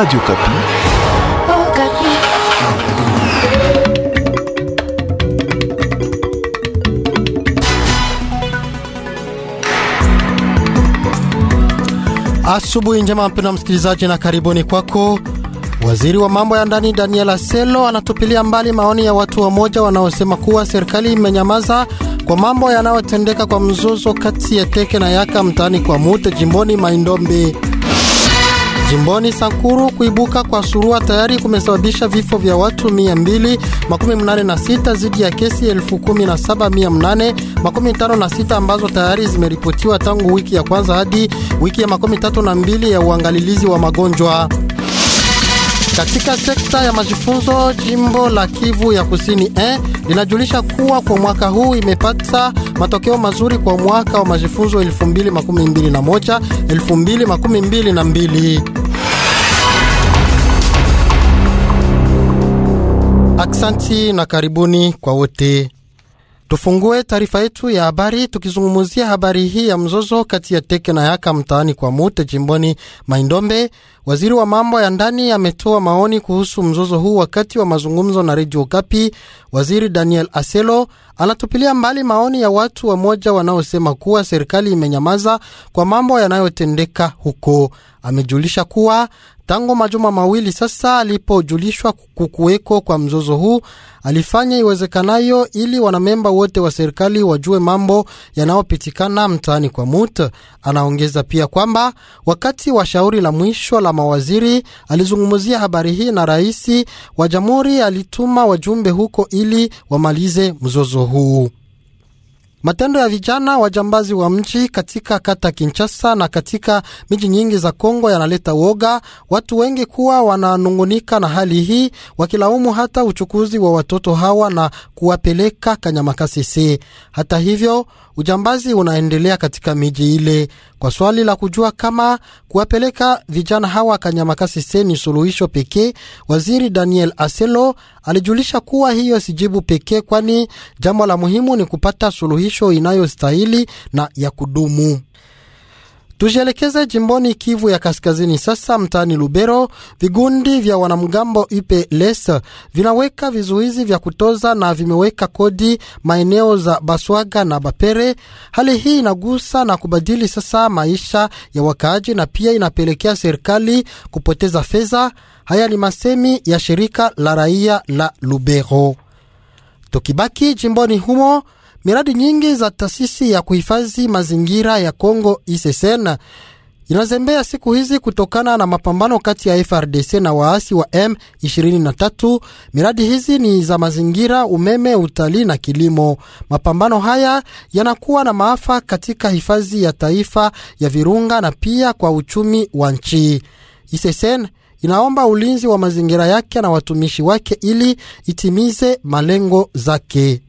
Radio Kapi. Oh, Kapi. Asubuhi njema mpendwa msikilizaji na karibuni kwako. Waziri wa mambo ya ndani Daniel selo anatupilia mbali maoni ya watu wamoja wanaosema kuwa serikali imenyamaza kwa mambo yanayotendeka kwa mzozo kati ya Teke na Yaka mtaani kwa Mute jimboni Maindombe. Jimboni Sankuru kuibuka kwa surua tayari kumesababisha vifo vya watu 286 zidi ya kesi 17856 ambazo tayari zimeripotiwa tangu wiki ya kwanza hadi wiki ya 32 ya uangalilizi wa magonjwa. Katika sekta ya majifunzo, jimbo la Kivu ya Kusini eh, linajulisha kuwa kwa mwaka huu imepata matokeo mazuri kwa mwaka wa majifunzo 2021 2022. Aksanti na karibuni kwa wote. Tufungue taarifa yetu ya habari tukizungumzia habari hii ya mzozo kati ya Teke na Yaka mtaani kwa Mute jimboni Maindombe. Waziri wa mambo ya ndani ametoa maoni kuhusu mzozo huu wakati wa mazungumzo na redio Kapi. Waziri Daniel Aselo anatupilia mbali maoni ya watu wamoja wanaosema kuwa serikali imenyamaza kwa mambo yanayotendeka huko. Amejulisha kuwa Tangu majuma mawili sasa alipojulishwa kukuweko kwa mzozo huu, alifanya iwezekanayo ili wanamemba wote wa serikali wajue mambo yanayopitikana mtaani kwa Mut. Anaongeza pia kwamba wakati wa shauri la mwisho la mawaziri alizungumzia habari hii na rais wa jamhuri alituma wajumbe huko ili wamalize mzozo huu. Matendo ya vijana wajambazi wa mji katika kata Kinshasa na katika miji nyingi za Kongo yanaleta woga, watu wengi kuwa wananungunika na hali hii, wakilaumu hata uchukuzi wa watoto hawa na kuwapeleka Kanyamakasisi. Hata hivyo ujambazi unaendelea katika miji ile. Kwa swali la kujua kama kuwapeleka vijana hawa Kanyamakasi seni suluhisho pekee, waziri Daniel Aselo alijulisha kuwa hiyo si jibu pekee, kwani jambo la muhimu ni kupata suluhisho inayostahili na ya kudumu. Tujielekeze jimboni Kivu ya Kaskazini sasa, mtaani Lubero, vigundi vya wanamgambo UPLS vinaweka vizuizi vya kutoza na vimeweka kodi maeneo za Baswaga na Bapere. Hali hii inagusa na kubadili sasa maisha ya wakaaji na pia inapelekea serikali kupoteza fedha. Haya ni masemi ya shirika la raia la Lubero. Tukibaki jimboni humo Miradi nyingi za taasisi ya kuhifadhi mazingira ya Kongo ISSN inazembea siku hizi kutokana na mapambano kati ya FRDC na waasi wa M23. Miradi hizi ni za mazingira, umeme, utalii na kilimo. Mapambano haya yanakuwa na maafa katika hifadhi ya taifa ya Virunga na pia kwa uchumi wa nchi. ISSN inaomba ulinzi wa mazingira yake na watumishi wake ili itimize malengo zake.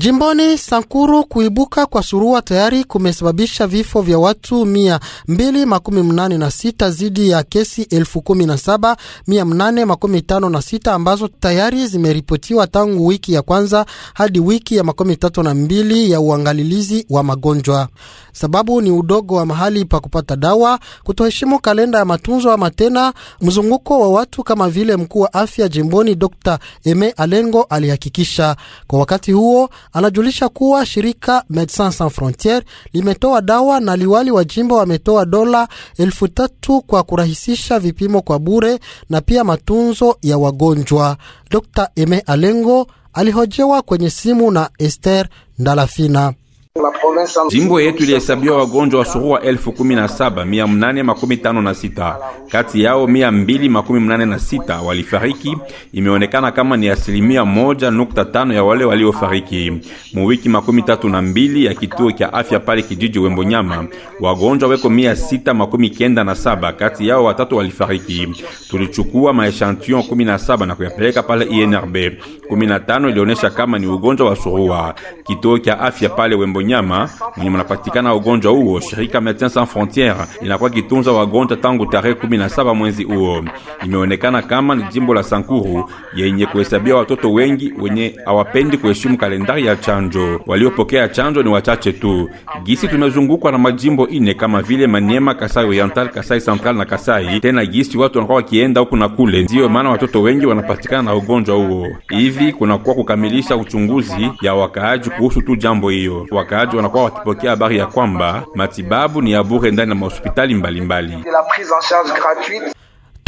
Jimboni Sankuru kuibuka kwa surua tayari kumesababisha vifo vya watu mia mbili makumi mnane na sita zidi ya kesi elfu kumi na saba mia mnane makumi tano na sita ambazo tayari zimeripotiwa tangu wiki ya kwanza hadi wiki ya makumi tatu na mbili ya uangalilizi wa magonjwa. Sababu ni udogo wa mahali pa kupata dawa, kutoheshimu kalenda ya matunzo ama tena mzunguko wa watu, kama vile mkuu wa afya jimboni Dr. Eme Alengo alihakikisha. Kwa wakati huo Anajulisha kuwa shirika Medecins Sans Frontieres limetoa dawa na liwali wa jimbo wametoa dola elfu tatu kwa kurahisisha vipimo kwa bure na pia matunzo ya wagonjwa. Dr Eme Alengo alihojewa kwenye simu na Esther Ndalafina. Jimbo yetu ilihesabiwa wagonjwa wa surua elfu kumi na saba mia mnane makumi tano na sita kati yao mia mbili makumi mnane na sita walifariki. Imeonekana kama ni asilimia moja nukta tano ya wale waliofariki muwiki makumi tatu na mbili ya kituo kya afya pale kijiji Wembonyama. Wagonjwa weko mia sita makumi kenda na saba kati yao watatu walifariki. Tulichukua maeshantion kumi na saba na kuyapeleka pale INRB. kumi na tano ilionesha kama ni ugonjwa wa surua. Kituo kya afya pale Wembonyama wanyama mwenye mnapatikana ugonjwa huo, shirika Medecins Sans Frontieres inakuwa kitunza wagonjwa tangu tarehe 17 mwezi huo. Imeonekana kama ni jimbo la Sankuru yenye kuhesabia watoto wengi wenye hawapendi kuheshimu kalendari ya chanjo. Waliopokea chanjo ni wachache tu. Gisi tumezungukwa na majimbo ine kama vile Maniema, Kasai Oriental, Kasai Central na Kasai. Tena gisi watu wanakuwa wakienda huku na kule, ndiyo maana watoto wengi wanapatikana na ugonjwa huo. Hivi kunakuwa kukamilisha uchunguzi ya wakaaji kuhusu tu jambo hiyo waka wakaaji wanakuwa wakipokea habari ya kwamba matibabu ni ya bure ndani ya mahospitali mbalimbali.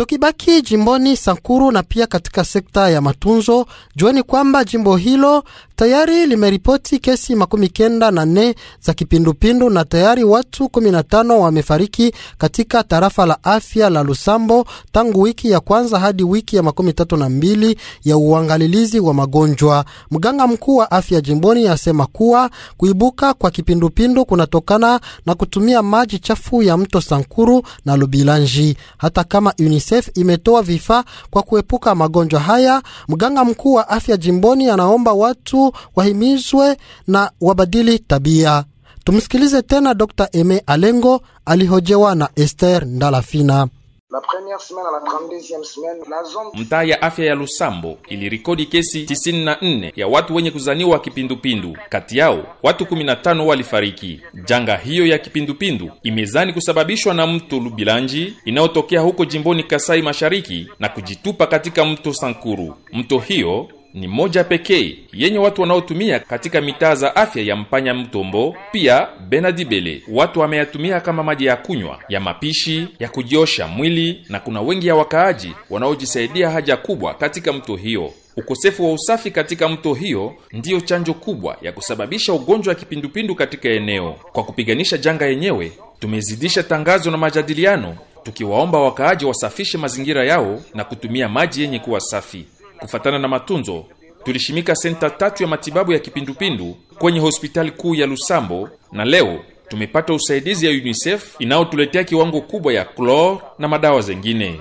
Tukibaki jimboni Sankuru na pia katika sekta ya matunzo, jueni kwamba jimbo hilo tayari limeripoti kesi makumi kenda na nne za kipindupindu na tayari watu 15 wamefariki katika tarafa la afya la Lusambo tangu wiki ya kwanza hadi wiki ya makumi tatu na mbili ya uangalilizi wa magonjwa. Mganga mkuu wa afya jimboni asema kuwa kuibuka kwa kipindupindu kunatokana na kutumia maji chafu ya mto Sankuru na Lubilanji hata kama UNICEF UNICEF imetoa vifaa kwa kuepuka magonjwa haya. Mganga mkuu wa afya jimboni anaomba watu wahimizwe na wabadili tabia. Tumsikilize tena Dr. Eme Alengo alihojewa na Esther Ndalafina la première semaine la 32e semaine la zone mtaa ya afya ya Lusambo ilirikodi kesi 94 ya watu wenye kuzaniwa kipindupindu, kati yao watu 15 walifariki. Janga hiyo ya kipindupindu imezani kusababishwa na mto Lubilanji inayotokea huko jimboni Kasai Mashariki na kujitupa katika mto Sankuru. Mto hiyo ni moja pekee yenye watu wanaotumia katika mitaa za afya ya Mpanya Mtombo, pia Benadibele. Watu wameyatumia kama maji ya kunywa, ya mapishi, ya kujiosha mwili, na kuna wengi ya wakaaji wanaojisaidia haja kubwa katika mto hiyo. Ukosefu wa usafi katika mto hiyo ndiyo chanjo kubwa ya kusababisha ugonjwa wa kipindupindu katika eneo. Kwa kupiganisha janga yenyewe, tumezidisha tangazo na majadiliano, tukiwaomba wakaaji wasafishe mazingira yao na kutumia maji yenye kuwa safi. Kufatana na matunzo, tulishimika senta tatu ya matibabu ya kipindupindu kwenye hospitali kuu ya Lusambo, na leo tumepata usaidizi ya UNICEF inayotuletea kiwango kubwa ya klor na madawa zengine.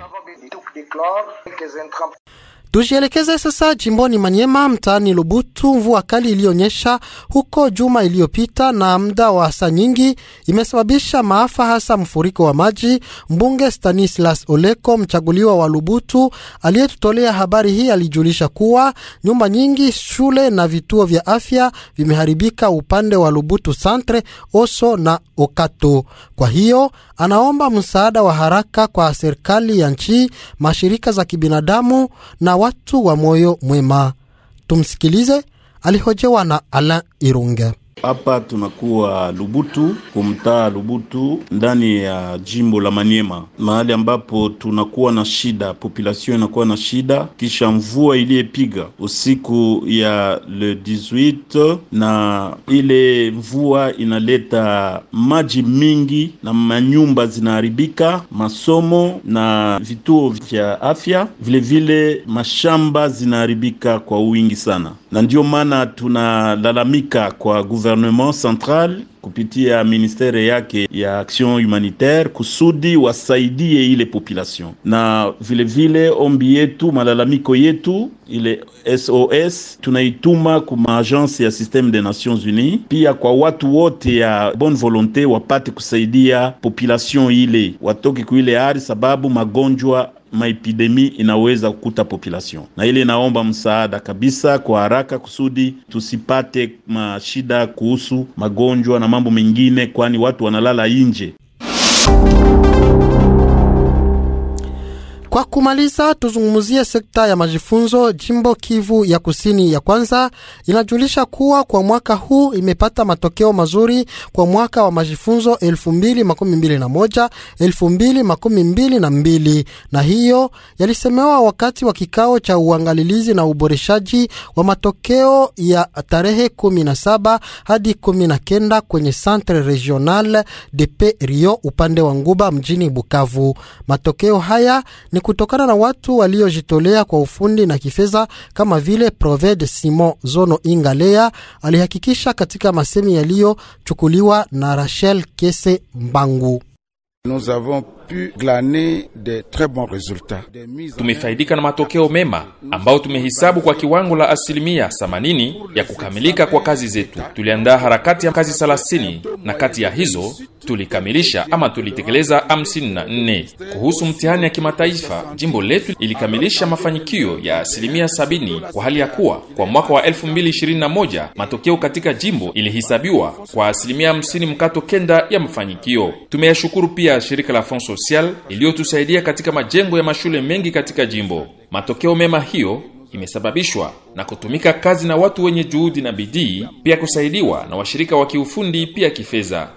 Tujielekeze sasa jimboni Manyema, mtaani Lubutu. Mvua kali iliyonyesha huko juma iliyopita na muda wa saa nyingi imesababisha maafa, hasa mfuriko wa maji. Mbunge Stanislas Oleko, mchaguliwa wa Lubutu, aliyetutolea habari hii, alijulisha kuwa nyumba nyingi, shule na vituo vya afya vimeharibika upande wa Lubutu Centre, Oso na Okato. Kwa hiyo anaomba msaada wa haraka kwa serikali ya nchi, mashirika za kibinadamu na watu wa moyo mwema. Tumsikilize, alihojewa na Alain Irunge. Hapa tunakuwa Lubutu, kumtaa Lubutu ndani ya jimbo la Maniema, mahali ambapo tunakuwa na shida, population inakuwa na shida kisha mvua iliyepiga usiku ya le 18 na ile mvua inaleta maji mingi na manyumba zinaharibika, masomo na vituo vya afya vilevile, mashamba zinaharibika kwa wingi sana na ndio maana tunalalamika kwa gouvernement central kupitia ministere yake ya action humanitaire kusudi wasaidie ile population, na vilevile vile ombi yetu, malalamiko yetu ile SOS tunaituma ku maagence ya systeme des Nations Unies, pia kwa watu wote ya bonne volonté wapate kusaidia population ile watoke kuile hari sababu magonjwa maepidemi inaweza kukuta population, na ile inaomba msaada kabisa kwa haraka kusudi tusipate mashida kuhusu magonjwa na mambo mengine, kwani watu wanalala nje kumaliza, tuzungumzie sekta ya majifunzo jimbo Kivu ya kusini. Ya kwanza inajulisha kuwa kwa mwaka huu imepata matokeo mazuri kwa mwaka wa majifunzo 2021 2022, na hiyo yalisemewa wakati wa kikao cha uangalilizi na uboreshaji wa matokeo ya tarehe 17 hadi 19 kwenye Centre Regional de P Rio upande wa Nguba mjini Bukavu. Matokeo haya ni kutokana na watu waliojitolea kwa ufundi na kifedha kama vile Proved Simon Zono Ingalea alihakikisha katika masemi yaliyochukuliwa na Rachel Kese Mbangu. Nous avons pu glaner de très bons Tumefaidika na matokeo mema ambayo tumehesabu kwa kiwango la asilimia 80 ya kukamilika kwa kazi zetu. Tuliandaa harakati ya kazi 30 na kati ya hizo tulikamilisha ama tulitekeleza 54. Kuhusu mtihani ya kimataifa, jimbo letu ilikamilisha mafanikio ya asilimia 70, kwa hali ya kuwa kwa mwaka wa 2021 matokeo katika jimbo ilihesabiwa kwa asilimia 50 mkato kenda ya mafanikio. Tumeyashukuru pia shirika la Fonso social iliyotusaidia katika majengo ya mashule mengi katika jimbo. Matokeo mema hiyo imesababishwa na kutumika kazi na watu wenye juhudi na bidii, pia kusaidiwa na washirika wa kiufundi pia kifedha.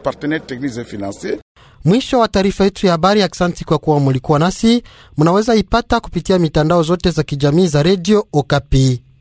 Mwisho wa taarifa yetu ya habari. Aksanti kwa kuwa mulikuwa nasi, mnaweza ipata kupitia mitandao zote za kijamii za redio Okapi.